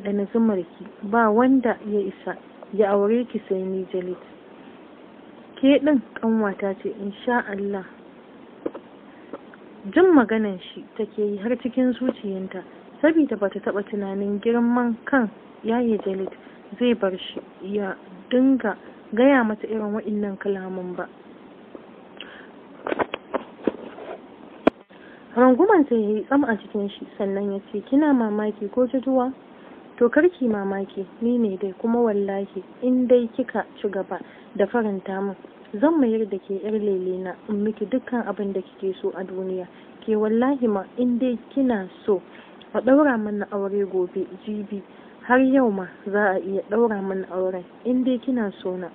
ɗanɗana ki, ba wanda ya isa ya aure ki sai ni jalit ke ɗin ƙanwata ce insha Allah jin maganan shi take yi har cikin zuciyanta ba bata taɓa tunanin girman kan yaye jalit zai bar shi ya dinga gaya mata irin waɗannan kalaman ba rangumanta ya yi tsam a cikin shi sannan ya ce kina mamaki ko jijuwa to karki mamaki ni ne dai kuma wallahi in dai kika ci gaba da faranta min zan mayar da ke yar lelena in miki dukkan abin da kike so a duniya ke wallahi ma in dai kina so a ɗaura mana aure gobe jibi har yau ma za a iya ɗaura mana auren in dai kina so na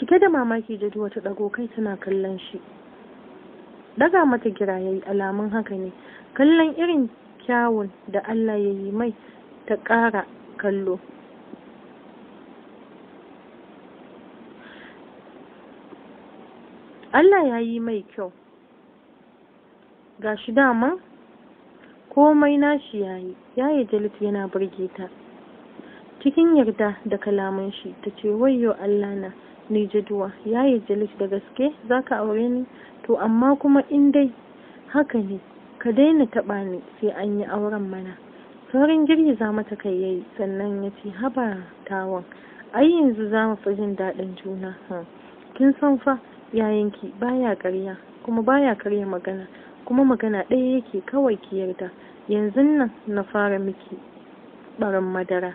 cike da mamaki jaduwa wata ɗago kai tana kallon shi daga mata gira yayi alamun haka ne kallon irin kyawun da Allah ya yi mai ta ƙara kallo Allah ya yi mai kyau ga shi dama komai nashi ya yi ya yi jalitu yana burge ta cikin yarda da kalaman shi ta ce wayo Allah na ni jaduwa ya yi jalitu da gaske zaka aure ni to amma kuma in dai haka ne ka daina taɓa ni sai an yi auren mana saurin girgiza mata kai yayi sannan ya ce haba tawon ai yanzu za mu fi jin daɗin juna kin san fa yayanki baya karya kuma baya karya magana kuma magana ɗaya yake kawai ki yarda yanzu nan na fara miki barin madara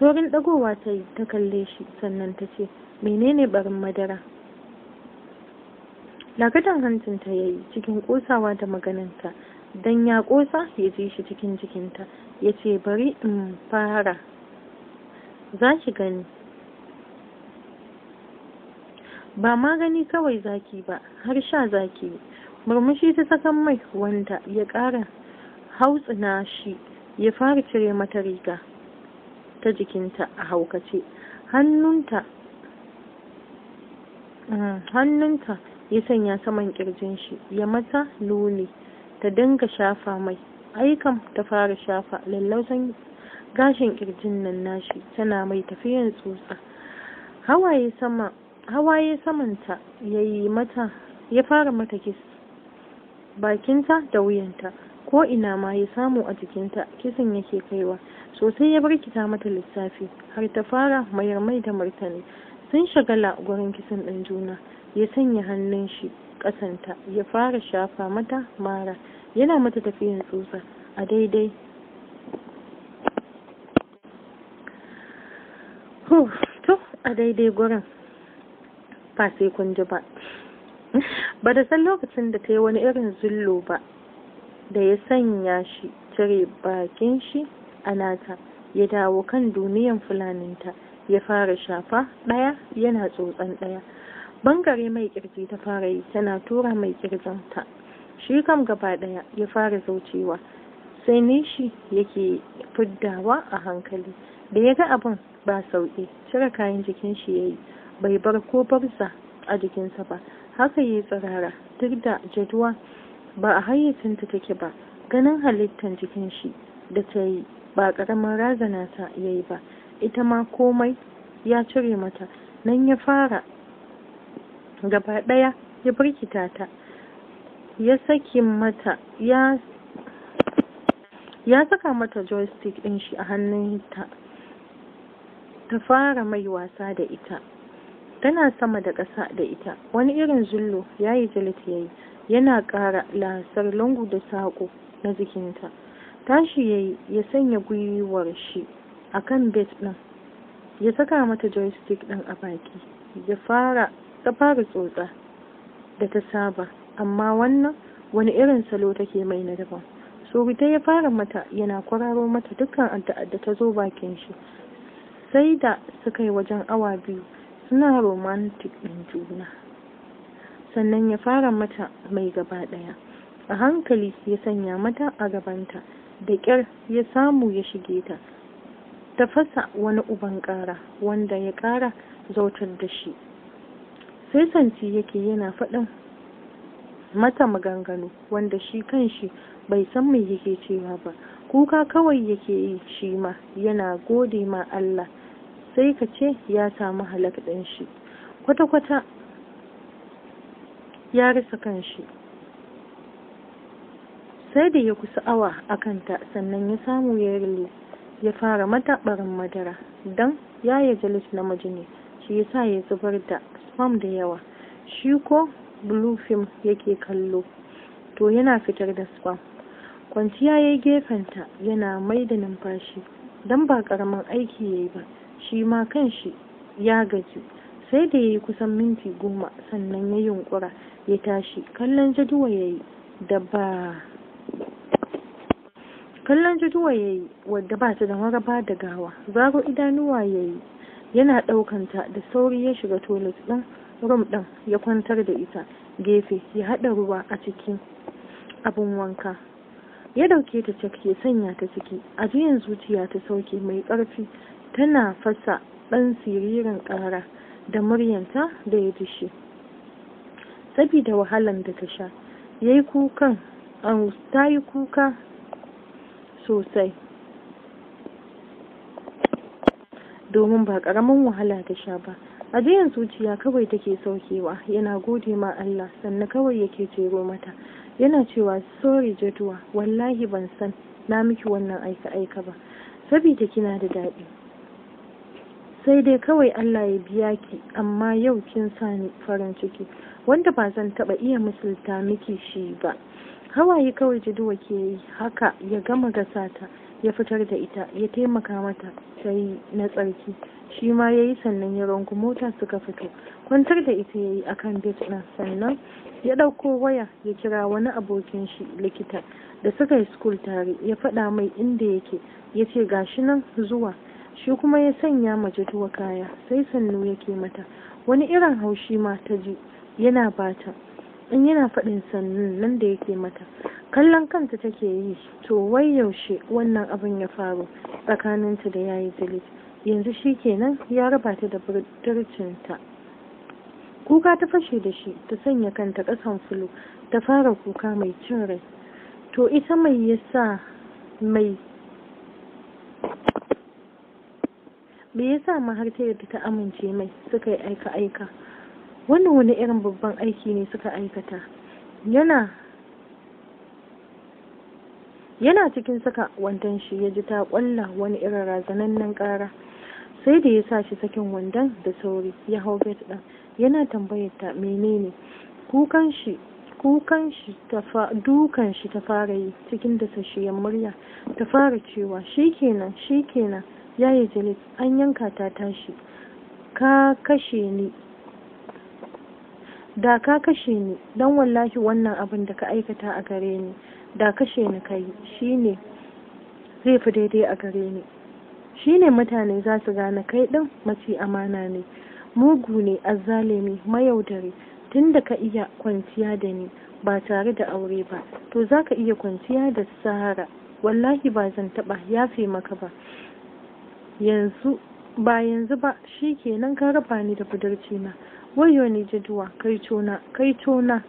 saurin ɗagowa ta yi ta kalle shi sannan ta ce menene barin madara lagatan hancin ta yayi cikin ƙosawa da magananta don ya ƙosa ya ji shi cikin jikinta ya ce bari in fara za ki gani ba magani gani kawai zaki ba har sha zaki murmushi ta sakan mai wanda ya ƙara hautsina shi ya fara cire mata riga ta jikinta a haukace hannunta mm, hannunta ya sanya saman kirjin shi ya mata luli ta dinga shafa mai aikam ta fara shafa lallausan gashin kirjin nan nashi tana mai tafiyan tsotsa hawaye sama hawaye samanta ya yi mata ya fara mata kis bakinta da wuyanta ko ina ma ya samu a jikinta kisan yake kaiwa sosai ya barkita mata lissafi har ta fara mayar mai da martani sun shagala gurin kisan ɗin juna ya sanya hannun shi ƙasanta ya fara shafa mata mara yana mata tafiyar tsutsa a daidai to a daidai gurin ba sai kun ji ba ba da san lokacin da ta yi wani irin zullo ba da ya sanya shi cire bakin shi a nata ya dawo kan duniyan fulaninta ya fara shafa ɗaya yana tsotsan ɗaya bangare mai kirji ta fara yi tana tura mai kirjinta shi kam gaba ɗaya ya fara zaucewa sai ne shi yake fiddawa a hankali da ya ga abin ba sauƙi cire kayan jikin shi ya yi bai bar ko barsa a jikinsa ba haka yi tsirara duk da jaduwa ba a hayyacinta take ba ganin halittar jikin shi da ta yi ba ƙaramin razana ta ya yi ba ita ma komai ya cire mata nan ya fara gaba ɗaya ya birkita ta ya saki mata ya saka mata joystick ɗin shi a hannunta ta fara mai wasa da ita tana sama da ƙasa da ita wani irin zullo ya yi yayi ya yi yana ƙara lasar lungu da saƙo na jikinta tashi ya yi ya sanya gwiwar shi a kan bet ɗin ya saka mata joystick ɗin a baki ya fara ta fara tsotsa da ta saba amma wannan wani irin salo take mai na daban ta ya fara mata yana kwararo mata dukkan adda ta zo bakin shi sai da suka yi wajen awa biyu suna romantic ɗin juna sannan ya fara mata mai gaba ɗaya a hankali ya sanya mata a gabanta da ƙyar ya samu ya shige ta ta fasa wani uban ƙara wanda ya ƙara zautar da shi sai santi yake yana faɗin mata maganganu wanda shi kanshi bai san mai yake cewa ba kuka kawai yake yi shi ma yana gode ma Allah sai ka ce ya samu halak ɗin shi kwata-kwata ya rasa kanshi sai da ya kusa awa a kanta sannan ya samu ya rile ya fara mata ɓarin madara don ya yi jalis namiji ne shi ya sa ya zubar da spam da yawa shi ko blue film yake kallo to yana fitar da sperm kwanciya ya yi gefenta yana mai da numfashi don ba karamin aiki ya yi ba shi ma kanshi ya gaji sai da ya yi kusan minti goma sannan ya yunkura ya tashi kallon jaduwa ya yi da ba kallon jaduwa ya yi wadda ba ta da maraba da gawa zaro idanuwa ya yi yana ɗaukanta da sauri ya shiga toilet ɗin rum ɗin ya kwantar da ita gefe ya haɗa ruwa a cikin abin wanka ya ɗauke ta cak ya sanya ta ciki jiyan zuciya ta sauke mai ƙarfi tana fasa ɗan siririn ƙara da muryanta da ya dishi sabida wahalan da ta sha ya yi kukan ta yi kuka sosai domin ba ƙaramin wahala ta sha ba ajiyan zuciya kawai take saukewa yana gode ma Allah sannan kawai yake jero mata yana cewa sorry jaduwa, wallahi ban san na miki wannan aika aika ba sabida kina da dadi. sai dai kawai Allah ya biya ki amma yau kin sa ni farin ciki wanda ba zan taɓa iya misalta miki shi ba hawaye kawai jaduwa ke yi haka ya gama gasata ya fitar da ita ya taimaka mata ta yi na tsarki shi ma ya yi sannan ya ranku mota suka fito kwantar da ita ya yi a kan ɗin sannan ya ɗauko waya ya kira wani abokin shi likita da suka yi skul tare ya faɗa mai inda yake ya ce gashi nan zuwa shi kuma ya sanya mace tuwa kaya sai sannu yake mata wani irin haushi ma ta ji yana bata in yana faɗin sannan nan da yake mata kallon kanta take yi to wai yaushe wannan abin ya faru tsakaninta da yayi zalit yanzu shi kenan ya raba ta da budurcinta kuka ta fashe da shi ta sanya kanta ƙasan fulu ta fara kuka mai cin rai to ita mai yasa mai me yasa ma har ta yadda ta amince mai suka yi aika aika wannan wani irin babban aiki ne suka aikata yana yana cikin saka wandon shi ya ji ta kwalla wani irin razanannen ƙara sai da ya sa shi sakin wandan. da sauri ya hau bet ɗan. yana tambayar ta menene kukan shi kukan shi ta dukan shi ta fara yi cikin ya murya ta fara cewa shikenan shikenan yayi jalis an yanka ta tashi ka kashe ni da ka kashe ni don wallahi wannan abin da ka aikata a gare ni da kashe ni kai ne zai fi daidai a gare ni Shi ne mutane za su gane kai din mace amana ne mugu ne azzalimi mayaudari tun da ka iya kwanciya da ni ba tare da aure ba to za ka iya kwanciya da sahara wallahi ba zan taba yafe maka ba yanzu ba yanzu ba shi kenan ka raba ni da budurci na wayo ne jaduwa kai tona kai tona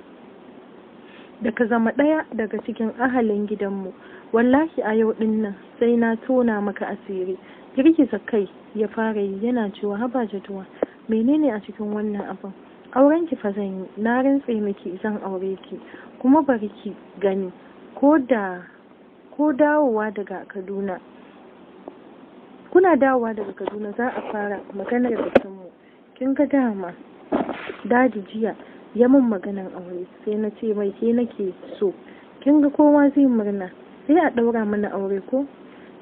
da ka zama ɗaya daga cikin ahalin gidanmu wallahi a yau ɗin nan sai na tona maka asiri girgiza kai ya fara yi yana cewa haba jaduwa. menene a cikin wannan abin auren ki fa zan yi na rintse miki zan aure ki kuma bari ki gani ko dawowa daga kaduna kuna dawowa daga kaduna za a fara maganar bikinmu kin ga dama dadi jiya ya min maganan aure sai na ce mai ke nake so kin ga kowa zai murna sai a daura mana aure ko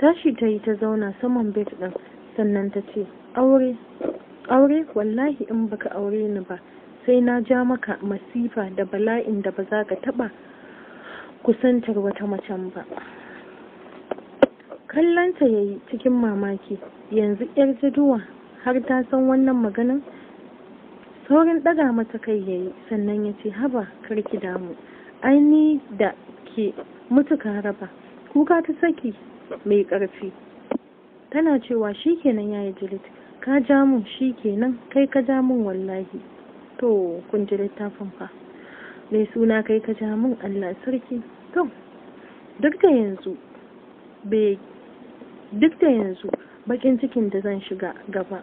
tashi ta yi ta zauna saman bed ɗin sannan ta ce aure aure wallahi in baka aure ni ba sai na ja maka masifa da bala'in da ba za ka taɓa kusantar wata macen ba kallonta ya yi cikin mamaki yanzu yar jaduwa har ta san wannan maganin saurin ɗaga mata kai ya yi sannan ya ce haba karki damu aini da ke mutuka raba kuka ta saki mai karfi tana cewa shi kenan ya yi jilit ka ja mun kenan kai ka ja mun wallahi to kun ji littafin fa mai suna kai ka ja mun Allah sarki to duk da yanzu duk da yanzu bakin cikin da zan shiga gaba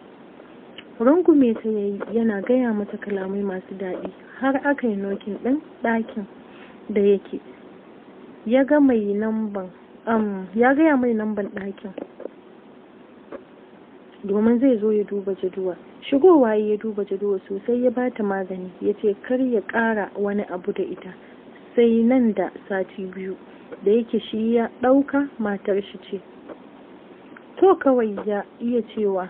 rungume ta yayi yana gaya mata kalamai masu daɗi har aka yi nokin ɗin ɗakin da yake ya ga mai namban um, ya gaya mai namban ɗakin domin zai zo ya duba jaduwa shigowa ya duba jaduwa sosai ya bata magani ya ce kar ya ƙara wani abu da ita sai nan da sati biyu da yake shi ya ɗauka matar shi ce to kawai ya iya cewa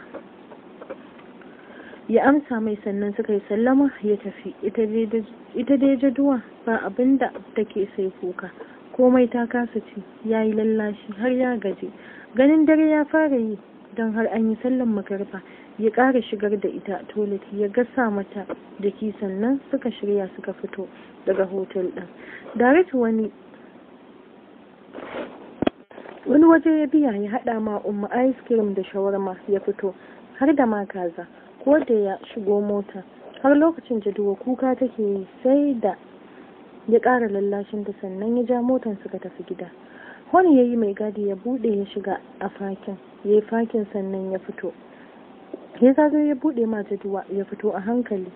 ya amsa mai sannan suka yi sallama ya tafi ita dai jaduwa ba abin da take sai kuka komai ta kasa ci ya yi lallashi har ya gaji ganin dare ya fara yi don har an yi sallan makarfa ya ƙara shigar da ita toilet ya gasa mata jiki sannan suka shirya suka fito daga hotel ɗin darit wani wani waje ya biya ya haɗa ma umma ice cream da shawarma ya fito har da ma kaza ko da ya shigo mota har lokacin jaduwa kuka take yi sai da ya ƙara lallashin ta sannan ya ja motan suka tafi gida wani ya yi mai gadi ya buɗe ya shiga a fakin ya yi fakin sannan ya fito ya zagaye ya buɗe ma jaduwa ya fito a hankali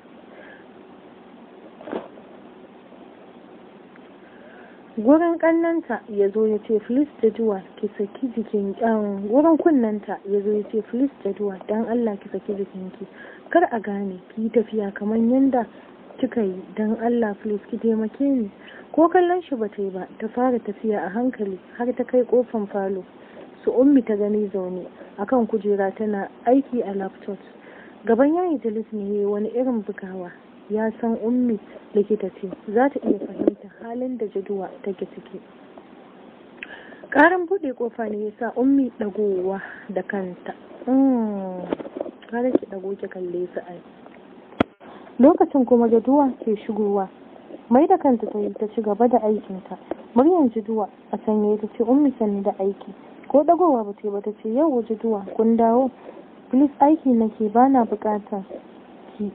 gurin kannanta ya zo ya ce filis da duwa ki saki jikin um, gurin kunnanta ya zo ya ce filis da duwa don allah ki saki jikinki kar a gane ki yi tafiya kamar yadda kika yi don allah filis ki taimake ni ko kallon shi ba ta yi ba ta fara tafiya a hankali har ta kai kofan falo su ummi ta gani zaune akan kujera tana aiki a laptop gaban yayi jalis ne wani irin bugawa ya san ummi likita ce za ta iya fahimta halin da jaduwa take ciki karan bude kofa ne ya sa ummi ɗagowa da kanta hmm, ki ɗago ki kalle su ai lokacin kuma jaduwa ke shigowa mai da kanta ta yi ta ci gaba da aikinta muryan jaduwa a sanye ta ce ummi sani da aiki ko dagowa ba ce ba ta ce yau jaduwa kun dawo please aiki nake bana na bukatar ki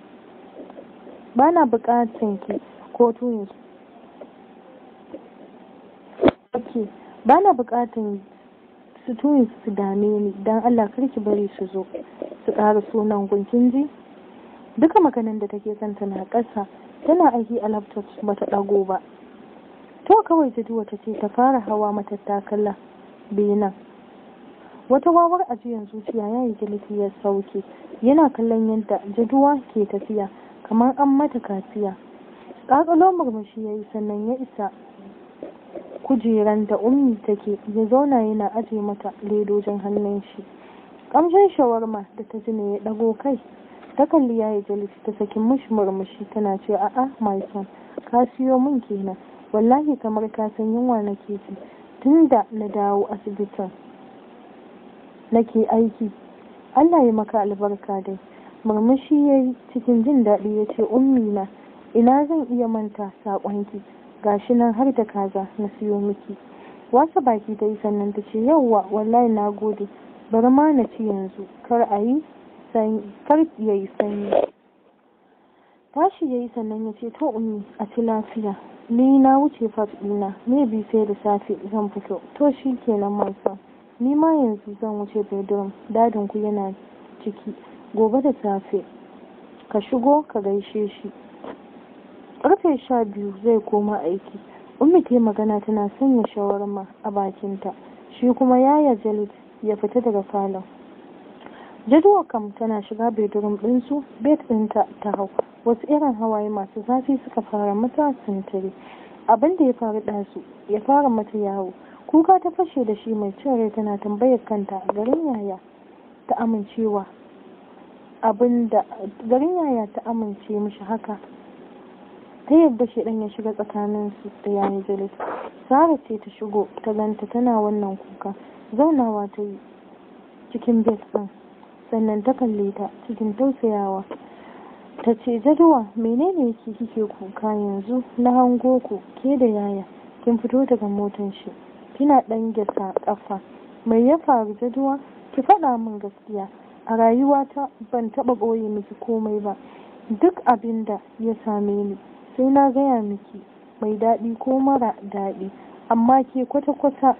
ba na bukatan ki ko tuyin ba na su tuyin su dame ni don allah ki bari su zo su ƙara sunan gunkin ji duka maganin da take son tana ƙasa tana aiki a laptop bata ɗago ba to kawai ta wata ce ta fara hawa matattakala nan? wata wawar ajiyar zuciya ya yi ya sauke yana kallon yadda jaduwa ke tafiya kamar an mata kaciya ƙaƙalo murmushi ya yi sannan ya isa kujeran da ummi take ya zauna yana aje mata ledojin hannun shi ƙamshin shawarma da ta ji ne ya ɗago kai ta kalli ya yi ta sakin mishi murmushi tana ce a'a my son ka siyo min kenan wallahi kamar ka san yunwa na ji tun da na dawo asibitin nake aiki Allah ya maka albarka dai murmushi ya yi cikin jin daɗi ya ce ummi na ina zan iya manta saƙonki ga shi nan har da kaza na siyo miki wasa baki ta yi sannan ta ce yauwa wallahi na gode bari ma na ci yanzu kar a yi ya yi sanyi tashi ya yi sannan ya ce to ummi a ci lafiya ni na wuce fat ɗina me bi sai da safe zan fito to shi kenan mansa ni ma yanzu zan wuce bedroom dadin ku yana ciki gobe da safe ka shigo ka gaishe shi karfe sha biyu zai koma aiki ummi ta magana tana sanya shawarma a bakinta shi kuma yaya jalid ya fita daga falon jaduwa kam tana shiga bedroom ɗinsu bed ɗinta ta hau wasu irin hawaye masu zafi suka fara mata sintiri abin ya faru ɗansu ya fara mata yawo kuka ta fashe da shi mai cin rai tana tambayar kanta garin yaya ta amincewa abin da garin yaya ta amince mishi haka ta yadda dan ya shiga tsakanin su da yayin jalis sara ce ta shigo ta ganta tana wannan kuka zaunawa ta yi cikin bes sannan ta kalle ta cikin tausayawa ta ce jaduwa menene yake kike kuka yanzu na hango ku ke da yaya kin fito daga motan shi kina ɗan gasa ƙafa mai ya faru jaduwa ki faɗa min gaskiya a rayuwata ban taɓa ɓoye miki komai ba duk abin da ya same ni sai na gaya miki mai daɗi ko mara daɗi amma ke kwata-kwata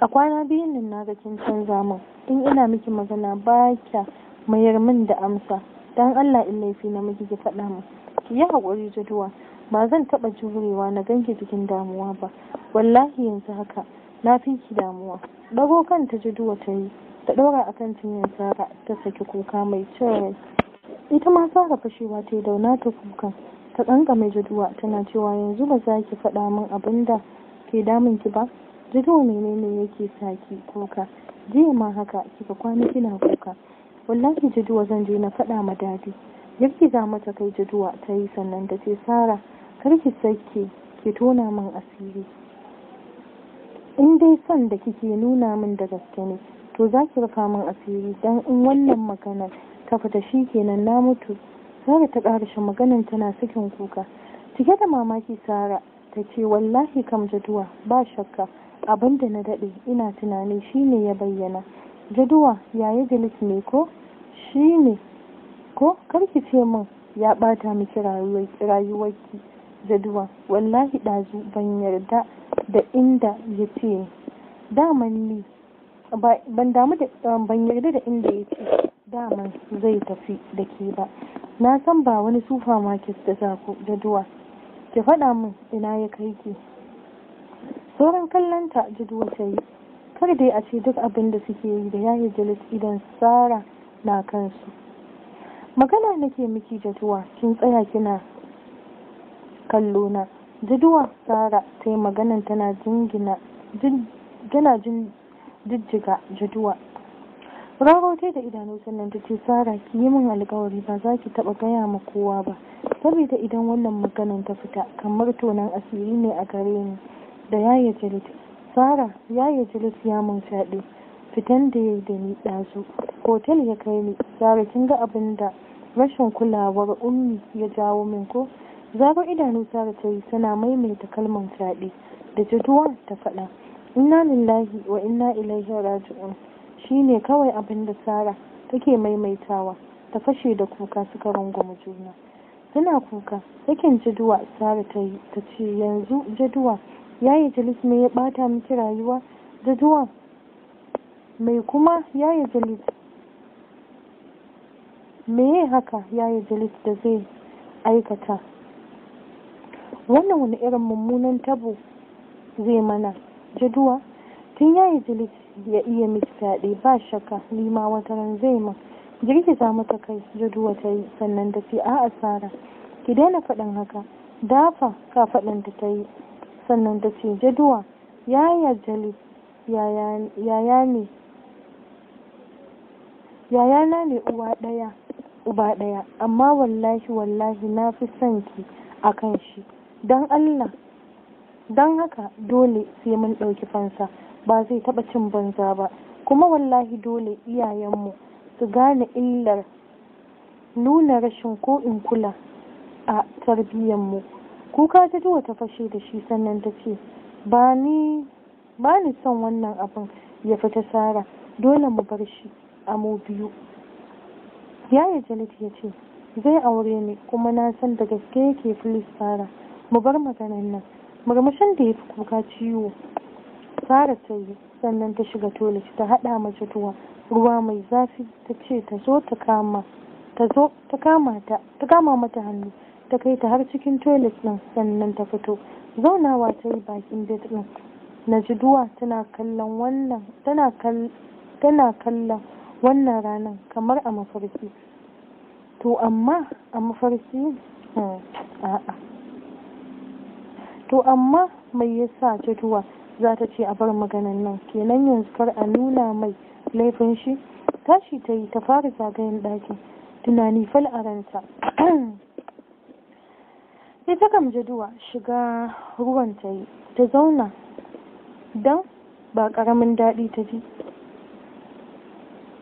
a kwana biyun nan na ga kin canza min in ina miki magana ba kya mayar min da amsa don Allah in laifi na miki ki faɗa min ki yi haƙuri jaduwa ba zan taɓa jurewa na ganki cikin damuwa ba wallahi yanzu haka na fi ki damuwa dago ta jiduwa ta yi ta ɗora a kan cinyar sara ta saki kuka mai cin ita ma sara fashewa ta yi dauna ta kuka ta ɗanka mai jaduwa tana cewa yanzu ba za ki faɗa min abin da ke damun ki ba jiduwa menene yake saki kuka jiya ma haka kika kwana kina kuka wallahi jaduwa zan je na faɗa ma dadi za mata kai jaduwa ta yi sannan ta ce sara kar ki sake ki tona min asiri in dai son da kike nuna min da gaske ne to za ki rufa min asiri dan in wannan magana ta fita shi kenan na mutu Sara ta ƙarashe maganin tana sakin kuka cike da mamaki Sara ta ce wallahi kam jaduwa ba shakka abinda na daɗe ina tunani shine ya bayyana jaduwa yayi jalis ne ko ne ko karki ce min ya ɓata miki rayuwarki jaduwa wallahi ɗazu ban yarda da inda ya ce daman ni ban damu da eh, ban yarda da inda ya ce daman zai tafi da ke ba na san ba wani sufa makis da za ku jaduwa ki faɗa min ina ya kai ki sauran kallon ta jaduwa ta yi kar dai a ce duk abin da suke yi da yayi jalis idan sara na kansu magana nake miki jaduwa kin tsaya kina kallo na sara ta yi maganan tana jingina gana jin jijjiga jaduwa rarote da idanu sannan ta ce sara ki yi min alkawari ba za ki taba gaya ma kowa ba saboda idan wannan maganan ta fita kamar tonan asiri ne a gare ni da yaya jilis sara yaya jilis ya mun fyaɗe fitan da ya da ni ɗazu hotel ya kai ni sara kin ga abin da rashin kulawar ummi ya jawo min ko zaro idanu sara ta yi suna maimaita kalmar fyaɗe da jituwa ta faɗa inna lillahi wa inna ilaihi raji'un shine kawai abin da sara take maimaitawa ta fashe da kuka suka rungume juna suna kuka yakin jaduwa sara ta yi ta ce yanzu jaduwa yi jalis me ya bata miki rayuwa jaduwa mai kuma yi jalis haka yayi jalis da zai aikata wannan wani irin mummunan tabo zai mana jaduwa tun ya yi jilis ya iya miki fyaɗe ba shakka lima wata ran zai ma mu mata kai jaduwa ta yi sannan da ce a asara ki daina faɗin haka dafa ka faɗin da ta yi sannan da ce jaduwa yaya jalis yaya ne yayana ne uwa ɗaya uba ɗaya amma wallahi wallahi na fi son ki akan shi don allah don haka dole sai mun ɗauki fansa ba zai taɓa cin banza ba kuma wallahi dole iyayenmu su gane illar nuna rashin ko in kula a tarbiyyarmu kuka ta duwa ta fashe da shi sannan ta ce ba ni son wannan abin ya fita sara dole mu bar shi a mu biyu yaya janet ya ce zai aure ni kuma na san da gaske yake fili sara mu bar maganan nan murmushin da ya fi kuka ciwo fara ta yi sannan ta shiga toilet ta haɗa mace tuwa ruwa mai zafi ta ce ta zo ta kama mata hannu ta kai ta har cikin toilet ɗin sannan ta fito zaunawa ta yi bakin bed ɗin na ji tana kallon wannan tana tana kallon wannan ranar kamar a mafarki to amma a mafarki hmm, a'a to amma mai yasa jaduwa za ta ce a bar maganan nan kenan yanzu kar a nuna mai laifin shi tashi ta yi ta fara zagayen ɗaki. tunani fal a ranta ita kam jaduwa shiga ruwan ta yi ta zauna don ba ƙaramin daɗi ta ji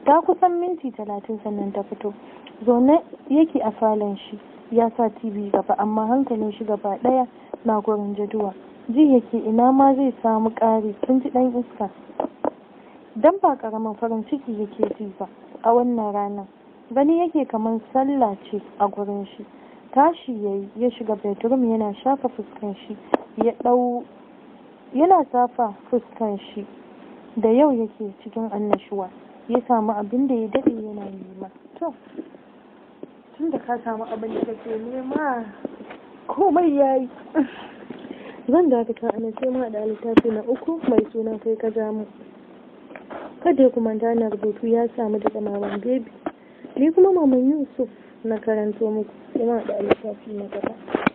ta kusan minti talatin sannan ta fito zaune yake a falon shi ya sa tv gaba amma hankalin shi gaba ɗaya kuɗa jaduwa ji yake ina ma zai samu ƙari sun ji ɗan iska dan ba ƙaramin farin ciki yake ji ba a wannan ranar gani yake kamar sallah ce a gurin shi tashi ya ya shiga bedroom yana shafa fuskan shi ya ɗau yana safa fuskan shi da yau yake cikin annashuwa ya samu abin da ya daɗe yana nema to tun da ka samu abin da kake nema komai ya yi zan dakata a nan sai ma da littafi na uku mai suna kai ka ja mu kada ya kuma na rubutu ya samu da maman bebi ni kuma maman yusuf na karanto muku sai ma da littafi na gaba